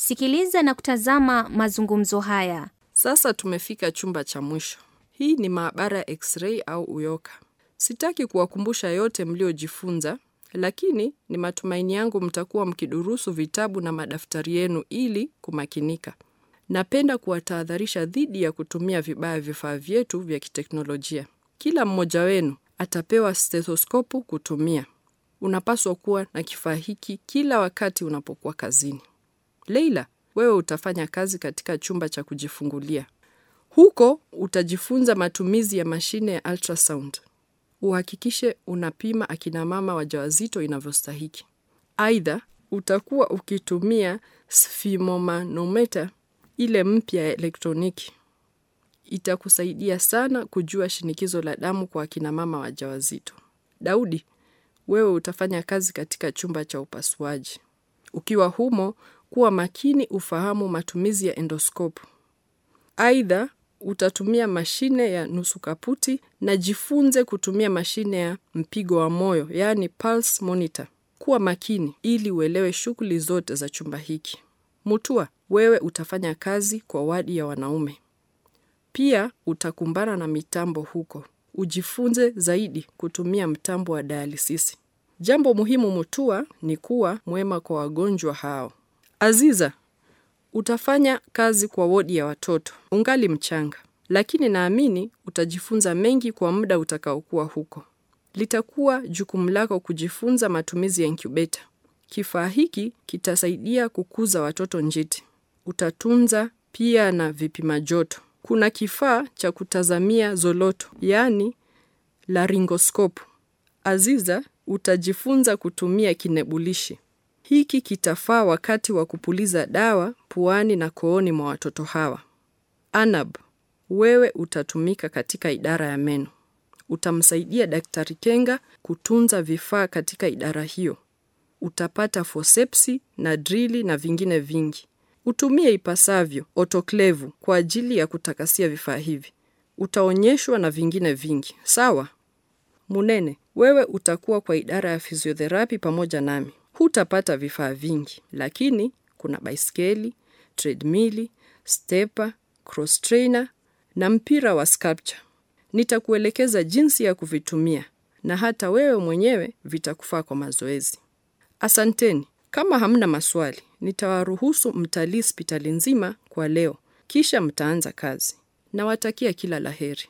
Sikiliza na kutazama mazungumzo haya. Sasa tumefika chumba cha mwisho. Hii ni maabara ya X-ray au uyoka. Sitaki kuwakumbusha yote mliojifunza, lakini ni matumaini yangu mtakuwa mkidurusu vitabu na madaftari yenu ili kumakinika. Napenda kuwatahadharisha dhidi ya kutumia vibaya vifaa vyetu vya kiteknolojia. Kila mmoja wenu atapewa stethoskopu kutumia. Unapaswa kuwa na kifaa hiki kila wakati unapokuwa kazini. Leila, wewe utafanya kazi katika chumba cha kujifungulia. Huko utajifunza matumizi ya mashine ya ultrasound. Uhakikishe unapima akina mama wajawazito inavyostahiki. Aidha, utakuwa ukitumia sfimomanometa ile mpya ya elektroniki. Itakusaidia sana kujua shinikizo la damu kwa akina mama wajawazito. Daudi, wewe utafanya kazi katika chumba cha upasuaji. Ukiwa humo kuwa makini ufahamu matumizi ya endoskopu. Aidha, utatumia mashine ya nusu kaputi na jifunze kutumia mashine ya mpigo wa moyo, yaani pulse monitor. Kuwa makini ili uelewe shughuli zote za chumba hiki. Mutua, wewe utafanya kazi kwa wadi ya wanaume. Pia utakumbana na mitambo huko. Ujifunze zaidi kutumia mtambo wa dialisisi. Jambo muhimu Mutua ni kuwa mwema kwa wagonjwa hao. Aziza, utafanya kazi kwa wodi ya watoto. Ungali mchanga, lakini naamini utajifunza mengi kwa muda utakaokuwa huko. Litakuwa jukumu lako kujifunza matumizi ya incubator. Kifaa hiki kitasaidia kukuza watoto njiti. Utatunza pia na vipima joto. Kuna kifaa cha kutazamia zoloto, yaani laringoskopu. Aziza, utajifunza kutumia kinebulishi. Hiki kitafaa wakati wa kupuliza dawa puani na kooni mwa watoto hawa. Anab, wewe utatumika katika idara ya meno. Utamsaidia Daktari Kenga kutunza vifaa katika idara hiyo. Utapata fosepsi na drili na vingine vingi. Utumie ipasavyo otoklevu kwa ajili ya kutakasia vifaa hivi. Utaonyeshwa na vingine vingi. Sawa? Munene, wewe utakuwa kwa idara ya fiziotherapi pamoja nami hutapata vifaa vingi, lakini kuna baiskeli, tredmili, stepa, cross trainer na mpira wa sculpture. Nitakuelekeza jinsi ya kuvitumia na hata wewe mwenyewe vitakufaa kwa mazoezi. Asanteni. Kama hamna maswali, nitawaruhusu mtalii spitali nzima kwa leo, kisha mtaanza kazi. Nawatakia kila laheri.